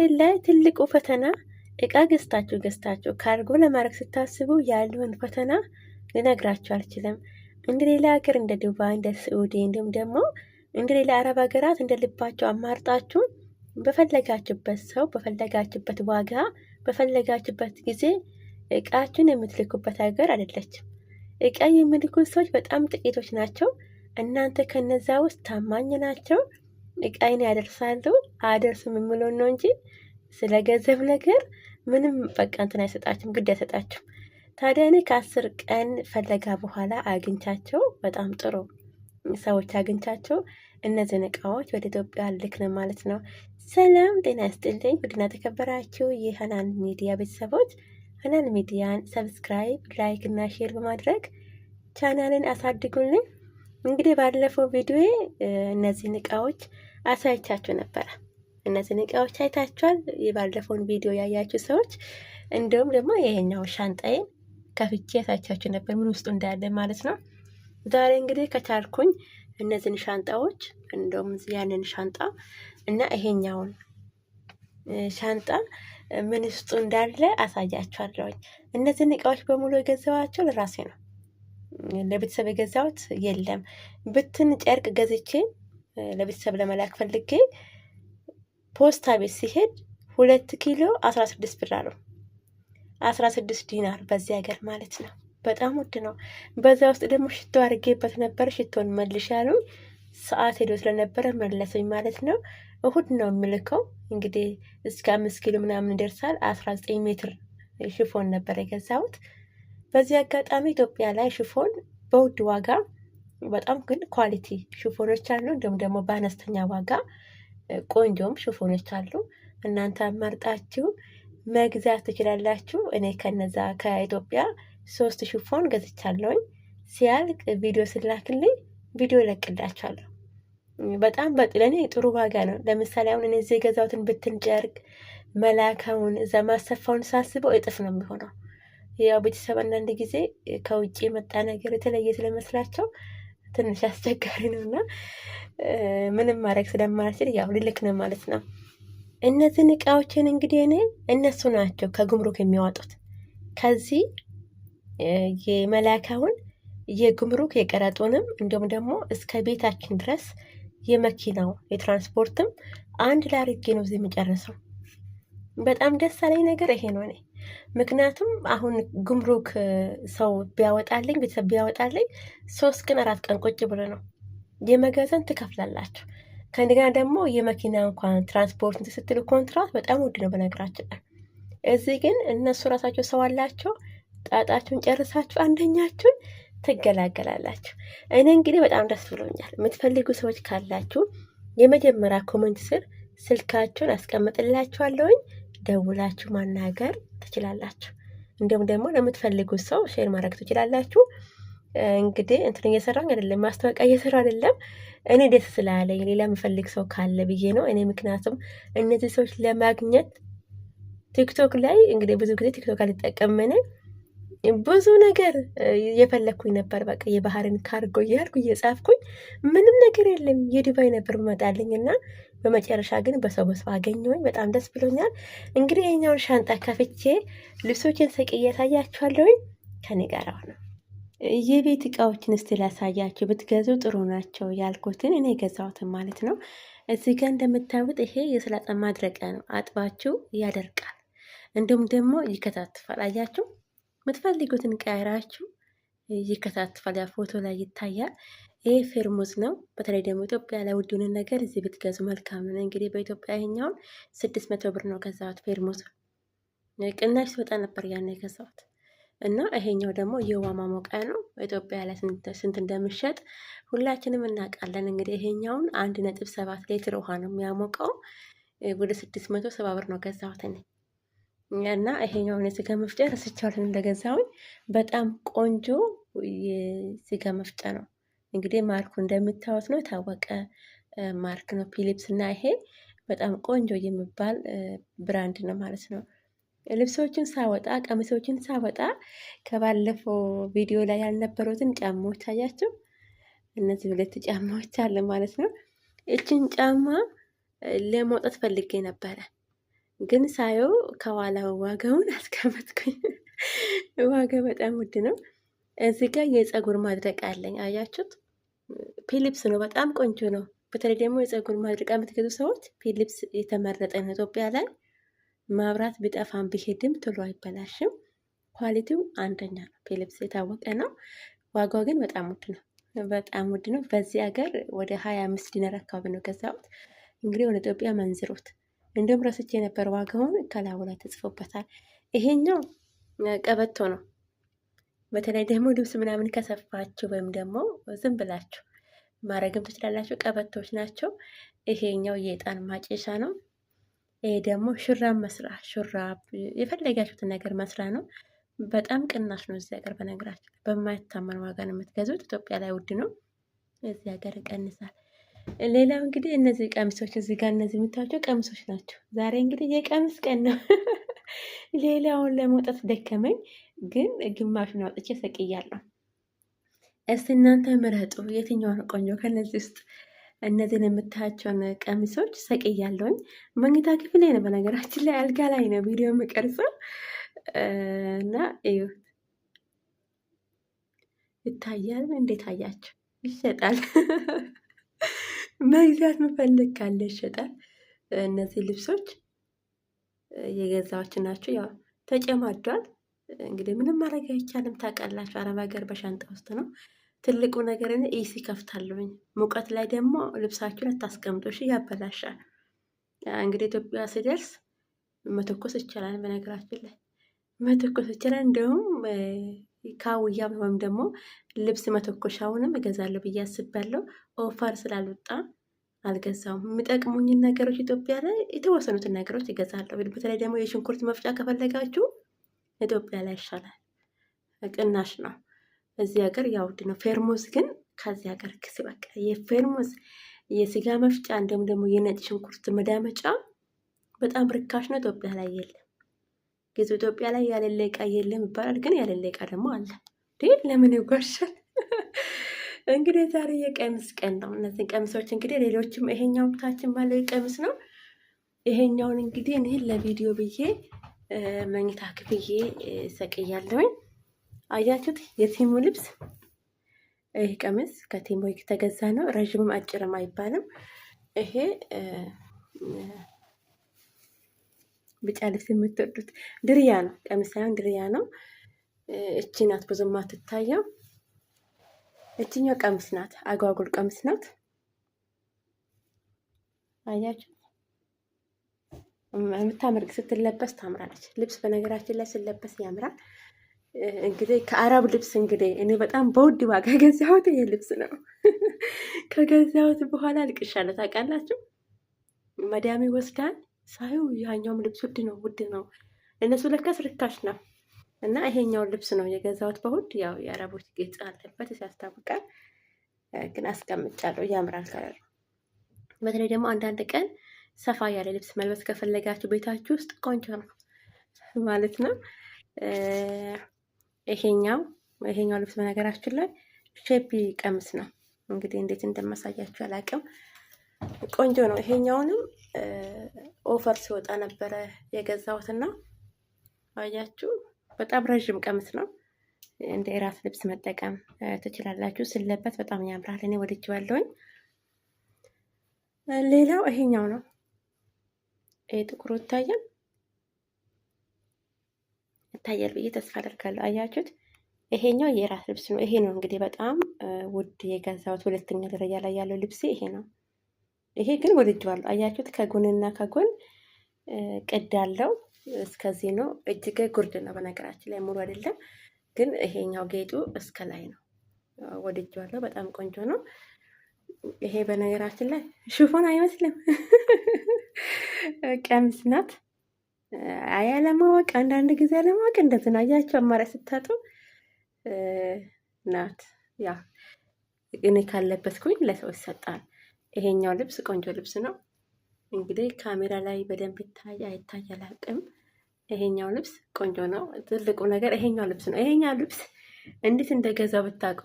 ዛሬ ላይ ትልቁ ፈተና እቃ ገዝታችሁ ገዝታችሁ ካርጎ ለማድረግ ስታስቡ ያለውን ፈተና ልነግራችሁ አልችልም። እንደ ሌላ ሀገር እንደ ዱባይ፣ እንደ ስዑዲ እንዲሁም ደግሞ እንደ ሌላ አረብ ሀገራት እንደ ልባችሁ አማርጣችሁ በፈለጋችሁበት ሰው በፈለጋችሁበት ዋጋ በፈለጋችሁበት ጊዜ እቃችሁን የምትልኩበት ሀገር አይደለችም። እቃ የሚልኩ ሰዎች በጣም ጥቂቶች ናቸው። እናንተ ከነዛ ውስጥ ታማኝ ናቸው። እቃይን ያደርሳሉ አደርስም የምለውን ነው እንጂ ስለ ገንዘብ ነገር ምንም በቃ እንትን አይሰጣችሁም፣ ግድ አይሰጣችሁም። ታዲያ እኔ ከአስር ቀን ፈለጋ በኋላ አግኝቻቸው በጣም ጥሩ ሰዎች አግኝቻቸው እነዚህን እቃዎች ወደ ኢትዮጵያ ልክነ ማለት ነው። ሰላም ጤና ያስጥልኝ። ውድና ተከበራችሁ የሀናን ሚዲያ ቤተሰቦች ሀናን ሚዲያን ሰብስክራይብ፣ ላይክ እና ሼር በማድረግ ቻናልን አሳድጉልኝ። እንግዲህ ባለፈው ቪዲዮ እነዚህን እቃዎች አሳይቻችሁ ነበረ። እነዚህን እቃዎች አይታችኋል። የባለፈውን ቪዲዮ ያያችሁ ሰዎች እንዲሁም ደግሞ ይሄኛው ሻንጣዬን ከፍቼ ያሳይቻችሁ ነበር፣ ምን ውስጡ እንዳለ ማለት ነው። ዛሬ እንግዲህ ከቻልኩኝ እነዚህን ሻንጣዎች እንደውም ያንን ሻንጣ እና ይሄኛውን ሻንጣ ምን ውስጡ እንዳለ አሳያችኋለሁኝ። እነዚህን እቃዎች በሙሉ የገዛኋቸው ለራሴ ነው፣ ለቤተሰብ የገዛሁት የለም። ብትን ጨርቅ ገዝቼ ለቤተሰብ ለመላክ ፈልጌ ፖስታ ቤት ሲሄድ ሁለት ኪሎ አስራ ስድስት ብር አለው። አስራ ስድስት ዲናር በዚህ ሀገር ማለት ነው። በጣም ውድ ነው። በዛ ውስጥ ደግሞ ሽቶ አድርጌበት ነበር። ሽቶን መልሽ ያሉኝ ሰዓት ሄዶ ስለነበረ መለሰኝ ማለት ነው። እሁድ ነው የምልከው እንግዲህ እስከ አምስት ኪሎ ምናምን ይደርሳል። አስራ ዘጠኝ ሜትር ሽፎን ነበር የገዛሁት። በዚህ አጋጣሚ ኢትዮጵያ ላይ ሽፎን በውድ ዋጋ በጣም ግን ኳሊቲ ሽፎኖች አሉ። እንዲሁም ደግሞ በአነስተኛ ዋጋ ቆንጆም ሽፎኖች አሉ። እናንተ አማርጣችሁ መግዛት ትችላላችሁ። እኔ ከነዛ ከኢትዮጵያ ሶስት ሽፎን ገዝቻለሁኝ። ሲያልቅ ቪዲዮ ስላክልኝ ቪዲዮ ለቅላችኋለሁ። በጣም ለእኔ ጥሩ ዋጋ ነው። ለምሳሌ አሁን እኔ እዚህ የገዛሁትን ብትን ጨርቅ እዛ ማሰፋውን ሳስበው እጥፍ ነው የሚሆነው። ያው ቤተሰብ አንዳንድ ጊዜ ከውጭ የመጣ ነገር የተለየ ስለመስላቸው ትንሽ አስቸጋሪ ነው እና ምንም ማድረግ ስለማልችል ያው ልልክ ነው ማለት ነው። እነዚህን እቃዎችን እንግዲህ እኔ እነሱ ናቸው ከጉምሩክ የሚያወጡት ከዚህ የመላካውን የጉምሩክ የቀረጡንም እንዲሁም ደግሞ እስከ ቤታችን ድረስ የመኪናው የትራንስፖርትም አንድ ላይ አድርጌ ነው እዚህ የሚጨርሰው። በጣም ደስ ያለኝ ነገር ይሄ ነው እኔ ምክንያቱም አሁን ጉምሩክ ሰው ቢያወጣልኝ ቤተሰብ ቢያወጣልኝ ሶስት ቀን አራት ቀን ቁጭ ብሎ ነው የመጋዘን ትከፍላላችሁ። ከእንደገና ደግሞ የመኪና እንኳን ትራንስፖርት ስትሉ ኮንትራት በጣም ውድ ነው በነገራችን ላይ። እዚህ ግን እነሱ ራሳቸው ሰው አላቸው። ጣጣችሁን ጨርሳችሁ አንደኛችሁን ትገላገላላችሁ። እኔ እንግዲህ በጣም ደስ ብሎኛል። የምትፈልጉ ሰዎች ካላችሁ የመጀመሪያ ኮመንት ስር ስልካችሁን አስቀምጥላችኋለሁኝ። ደውላችሁ ማናገር ትችላላችሁ። እንዲሁም ደግሞ ለምትፈልጉት ሰው ሼር ማድረግ ትችላላችሁ። እንግዲህ እንትን እየሰራኝ አይደለም፣ ማስታወቂያ እየሰራ አይደለም። እኔ ደስ ስላለኝ ሌላ የምፈልግ ሰው ካለ ብዬ ነው። እኔ ምክንያቱም እነዚህ ሰዎች ለማግኘት ቲክቶክ ላይ እንግዲህ ብዙ ጊዜ ቲክቶክ አልጠቀምንም ብዙ ነገር እየፈለግኩኝ ነበር። በቃ የባህርን ካርጎ እያልኩ እየጻፍኩኝ ምንም ነገር የለም የዱባይ ነበር መጣልኝ እና በመጨረሻ ግን በሰው በሰው አገኘሁኝ። በጣም ደስ ብሎኛል። እንግዲህ የኛውን ሻንጣ ከፍቼ ልብሶችን ሰቅዬ እያሳያችኋለሁኝ ከኔ ጋር ነው የቤት እቃዎችን እስቲ ላሳያችሁ። ብትገዙ ጥሩ ናቸው ያልኩትን እኔ የገዛሁትን ማለት ነው። እዚህ ጋር እንደምታዩት ይሄ የሰላጣ ማድረቂያ ነው። አጥባችሁ ያደርቃል፣ እንዲሁም ደግሞ ይከታትፋል። አያችሁ የምትፈልጉትን ቀያራችሁ ይከታትፋል። ያ ፎቶ ላይ ይታያል። ይህ ፌርሙዝ ነው። በተለይ ደግሞ ኢትዮጵያ ላይ ውድንን ነገር እዚህ ብትገዙ መልካም ነው። እንግዲህ በኢትዮጵያ ይሄኛውን ስድስት መቶ ብር ነው ገዛሁት። ፌርሙዝ ቅናሽ ሲወጣ ነበር ያን የገዛሁት እና ይሄኛው ደግሞ የውሃ ማሞቂያ ነው። ኢትዮጵያ ላይ ስንት እንደምሸጥ ሁላችንም እናውቃለን። እንግዲህ ይሄኛውን አንድ ነጥብ ሰባት ሌትር ውሃ ነው የሚያሞቀው። ወደ ስድስት መቶ ሰባ ብር ነው ገዛሁት እኔ። እና ይሄኛውን የስጋ መፍጫ ረስቻለሁ እንደገዛሁኝ። በጣም ቆንጆ የስጋ መፍጫ ነው። እንግዲህ ማርኩ እንደምታዩት ነው፣ የታወቀ ማርክ ነው ፊሊፕስ። እና ይሄ በጣም ቆንጆ የሚባል ብራንድ ነው ማለት ነው። ልብሶችን ሳወጣ ቀሚሶችን ሳወጣ ከባለፈው ቪዲዮ ላይ ያልነበሩትን ጫማዎች አያቸው። እነዚህ ሁለት ጫማዎች አለ ማለት ነው። እችን ጫማ ለመውጣት ፈልጌ ነበረ ግን ሳየው ከኋላ ዋጋውን አስቀመጥኩኝ። ዋጋ በጣም ውድ ነው። እዚህ ጋር የጸጉር ማድረቅ አለኝ። አያችሁት? ፊሊፕስ ነው። በጣም ቆንጆ ነው። በተለይ ደግሞ የጸጉር ማድረቅ የምትገዙ ሰዎች ፊሊፕስ የተመረጠ ነው። ኢትዮጵያ ላይ መብራት ቢጠፋም ቢሄድም ቶሎ አይበላሽም። ኳሊቲው አንደኛ ነው። ፊሊፕስ የታወቀ ነው። ዋጋው ግን በጣም ውድ ነው። በጣም ውድ ነው። በዚህ ሀገር ወደ ሀያ አምስት ዲነር አካባቢ ነው ገዛሁት። እንግዲህ ወደ ኢትዮጵያ መንዝሮት እንዲሁም ረስቼ የነበር ዋጋውን ከላዩ ላይ ተጽፎበታል። ይሄኛው ቀበቶ ነው። በተለይ ደግሞ ልብስ ምናምን ከሰፋችሁ ወይም ደግሞ ዝም ብላችሁ ማድረግም ትችላላችሁ። ቀበቶች ናቸው። ይሄኛው የዕጣን ማጨሻ ነው። ይሄ ደግሞ ሹራብ መስራ ሹራብ የፈለጋችሁትን ነገር መስራ ነው። በጣም ቅናሽ ነው እዚህ ሀገር። በነገራችሁ በማይታመን ዋጋ ነው የምትገዙት። ኢትዮጵያ ላይ ውድ ነው፣ እዚህ ሀገር ይቀንሳል። ሌላው እንግዲህ እነዚህ ቀሚሶች እዚህ ጋር እነዚህ የምታዩቸው ቀሚሶች ናቸው። ዛሬ እንግዲህ የቀሚስ ቀን ነው። ሌላውን ለመውጣት ደከመኝ፣ ግን ግማሹን አውጥቼ ሰቅያለሁ። እስቲ እናንተ ምረጡ የትኛው ቆንጆ ከነዚህ ውስጥ። እነዚህን የምታያቸውን ቀሚሶች ሰቅያለሁኝ። መኝታ ክፍል ነው በነገራችን ላይ አልጋ ላይ ነው ቪዲዮ የምቀርጸው እና እዩ፣ ይታያል። እንዴት አያቸው? ይሸጣል መግዛት ምፈልግ ካለ ይሸጣል። እነዚህ ልብሶች የገዛዎች ናቸው። ያው ተጨማዷል። እንግዲህ ምንም ማድረግ አይቻልም። ታውቃላችሁ፣ አረብ ሀገር በሻንጣ ውስጥ ነው ትልቁ ነገር። እኔ ኢሲ ከፍታለሁኝ። ሙቀት ላይ ደግሞ ልብሳችሁ አታስቀምጡ፣ ሺ ያበላሻል። እንግዲህ ኢትዮጵያ ስደርስ መተኮስ ይቻላል። በነገራችን ላይ መተኮስ ይቻላል። እንዲሁም ካውያ ወይም ደግሞ ልብስ መተኮሻውንም እገዛለሁ ብዬ አስቤያለሁ። ኦፈር ስላልወጣ አልገዛውም። የሚጠቅሙኝን ነገሮች ኢትዮጵያ ላይ የተወሰኑትን ነገሮች እገዛለሁ። በተለይ ደግሞ የሽንኩርት መፍጫ ከፈለጋችሁ ኢትዮጵያ ላይ ይሻላል፣ ቅናሽ ነው። እዚህ ሀገር ያውድ ነው። ፌርሙዝ ግን ከዚህ ሀገር ክስ በቃ የፌርሙዝ የስጋ መፍጫ እንዲሁም ደግሞ የነጭ ሽንኩርት መዳመጫ በጣም ርካሽ ነው። ኢትዮጵያ ላይ የለም። ገዛ ኢትዮጵያ ላይ ያለለ እቃ የለም ይባላል። ግን ያለለ እቃ ደግሞ አለ። ለምን ይጓሻል? እንግዲህ ዛሬ የቀሚስ ቀን ነው። እነዚህ ቀሚሶች እንግዲህ ሌሎችም ይሄኛው ብታችን ባለው ቀሚስ ነው። ይሄኛውን እንግዲህ እኔ ለቪዲዮ ብዬ መኝታ ክፍዬ ሰቅያለሁኝ። አያችሁት? የቲሙ ልብስ ይህ ቀሚስ ከቲሙ የተገዛ ነው። ረዥምም አጭርም አይባልም። ይሄ ቢጫ ልብስ የምትወዱት ድርያ ነው። ቀሚሳያን ድርያ ነው። እቺ ናት ብዙም አትታየው። እችኛው ቀሚስ ናት፣ አጓጉል ቀሚስ ናት። አያችሁ የምታምር ስትለበስ ታምራለች። ልብስ በነገራችን ላይ ስለበስ ያምራል። እንግዲህ ከአረብ ልብስ እንግዲህ እኔ በጣም በውድ ዋጋ ገዛሁት ይሄ ልብስ ነው። ከገዛሁት በኋላ ልቅሻለሁ። ታውቃላችሁ መዳሚ ወስዳን ሳዩ ያኛውም ልብስ ውድ ነው ውድ ነው። እነሱ ለካስ ርካሽ ነው። እና ይሄኛውን ልብስ ነው የገዛሁት በውድ ያው የአረቦች ጌጥ አለበት ሲያስታውቃል። ግን አስቀምጫለሁ ያምራል ከለር። በተለይ ደግሞ አንዳንድ ቀን ሰፋ ያለ ልብስ መልበስ ከፈለጋችሁ ቤታችሁ ውስጥ ቆንጆ ነው ማለት ነው። ይሄኛው ይሄኛው ልብስ በነገራችን ላይ ሼፒ ቀሚስ ነው። እንግዲህ እንዴት እንደማሳያችሁ አላውቅም። ቆንጆ ነው። ይሄኛውንም ኦፈር ሲወጣ ነበረ የገዛሁትና አያችሁ፣ በጣም ረዥም ቀሚስ ነው። እንደ ራስ ልብስ መጠቀም ትችላላችሁ። ስለበት በጣም ያምራል። እኔ ወድጄዋለሁኝ። ሌላው ይሄኛው ነው። ይሄ ጥቁሩ ይታያል ይታያል ብዬ ተስፋ አደርጋለሁ። አያችሁት? ይሄኛው የራስ ልብስ ነው። ይሄ ነው እንግዲህ በጣም ውድ የገዛሁት ሁለተኛ ደረጃ ላይ ያለው ልብሴ ይሄ ነው። ይሄ ግን ወድጄዋለሁ። አያችሁት? ከጎንና ከጎን ቅድ አለው። እስከዚህ ነው። እጅገ ጉርድ ነው። በነገራችን ላይ ሙሉ አይደለም፣ ግን ይሄኛው ጌጡ እስከ ላይ ነው። ወድጄዋለሁ። በጣም ቆንጆ ነው። ይሄ በነገራችን ላይ ሽፎን አይመስልም፣ ቀሚስ ናት። አይ አለማወቅ፣ አንዳንድ ጊዜ አለማወቅ እንደዚህ ነው። አያቸው አማራጭ ስታጡ ናት። ያ እኔ ካለበትኩኝ ለሰው ይሰጣል። ይሄኛው ልብስ ቆንጆ ልብስ ነው። እንግዲህ ካሜራ ላይ በደንብ ይታይ አይታይ አላቅም። ይሄኛው ልብስ ቆንጆ ነው። ትልቁ ነገር ይሄኛው ልብስ ነው። ይሄኛው ልብስ እንዴት እንደገዛው ብታውቁ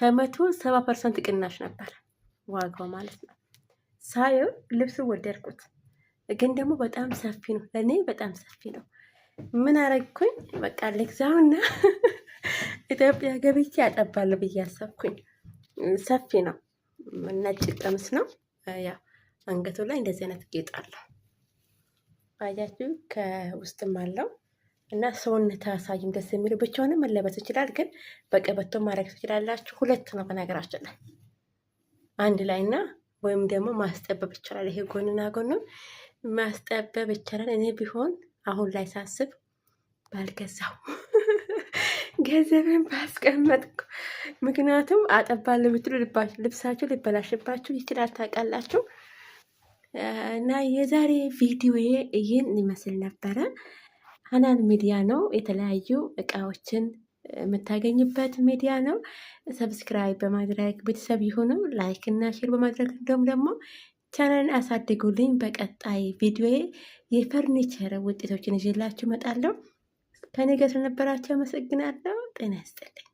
ከመቶ ሰባ ፐርሰንት ቅናሽ ነበር ዋጋው ማለት ነው። ሳየው ልብስ ወደድኩት፣ ግን ደግሞ በጣም ሰፊ ነው። ለእኔ በጣም ሰፊ ነው። ምን አረግኩኝ? በቃ ልግዛውና ኢትዮጵያ ገብቼ ያጠባለሁ ብዬ አሰብኩኝ። ሰፊ ነው። ነጭ ቀሚስ ነው። ያ አንገቱ ላይ እንደዚህ አይነት ጌጥ አለው። አያችሁ፣ ከውስጥም አለው እና ሰውነት አሳይም ደስ የሚል ብቻውንም መለበስ ይችላል፣ ግን በቀበቶ ማድረግ ትችላላችሁ። ሁለት ነው በነገራችን ላይ አንድ ላይ እና ወይም ደግሞ ማስጠበብ ይቻላል። ይሄ ጎንና ጎኑ ማስጠበብ ይቻላል። እኔ ቢሆን አሁን ላይ ሳስብ ባልገዛው ገንዘብን ባስቀመጥኩ። ምክንያቱም አጠባ ለምትሉ ልብሳችሁ ሊበላሽባችሁ ይችላል፣ ታውቃላችሁ። እና የዛሬ ቪዲዮ ይህን ይመስል ነበረ። ሀናን ሚዲያ ነው፣ የተለያዩ እቃዎችን የምታገኝበት ሚዲያ ነው። ሰብስክራይብ በማድረግ ቤተሰብ ይሁኑ። ላይክ እና ሼር በማድረግ እንዲሁም ደግሞ ቻናልን አሳድጉልኝ። በቀጣይ ቪዲዮ የፈርኒቸር ውጤቶችን ይዤላችሁ እመጣለሁ። ከኔ ጋር ስለነበራቸው አመሰግናለሁ። ጤና ይስጥልኝ።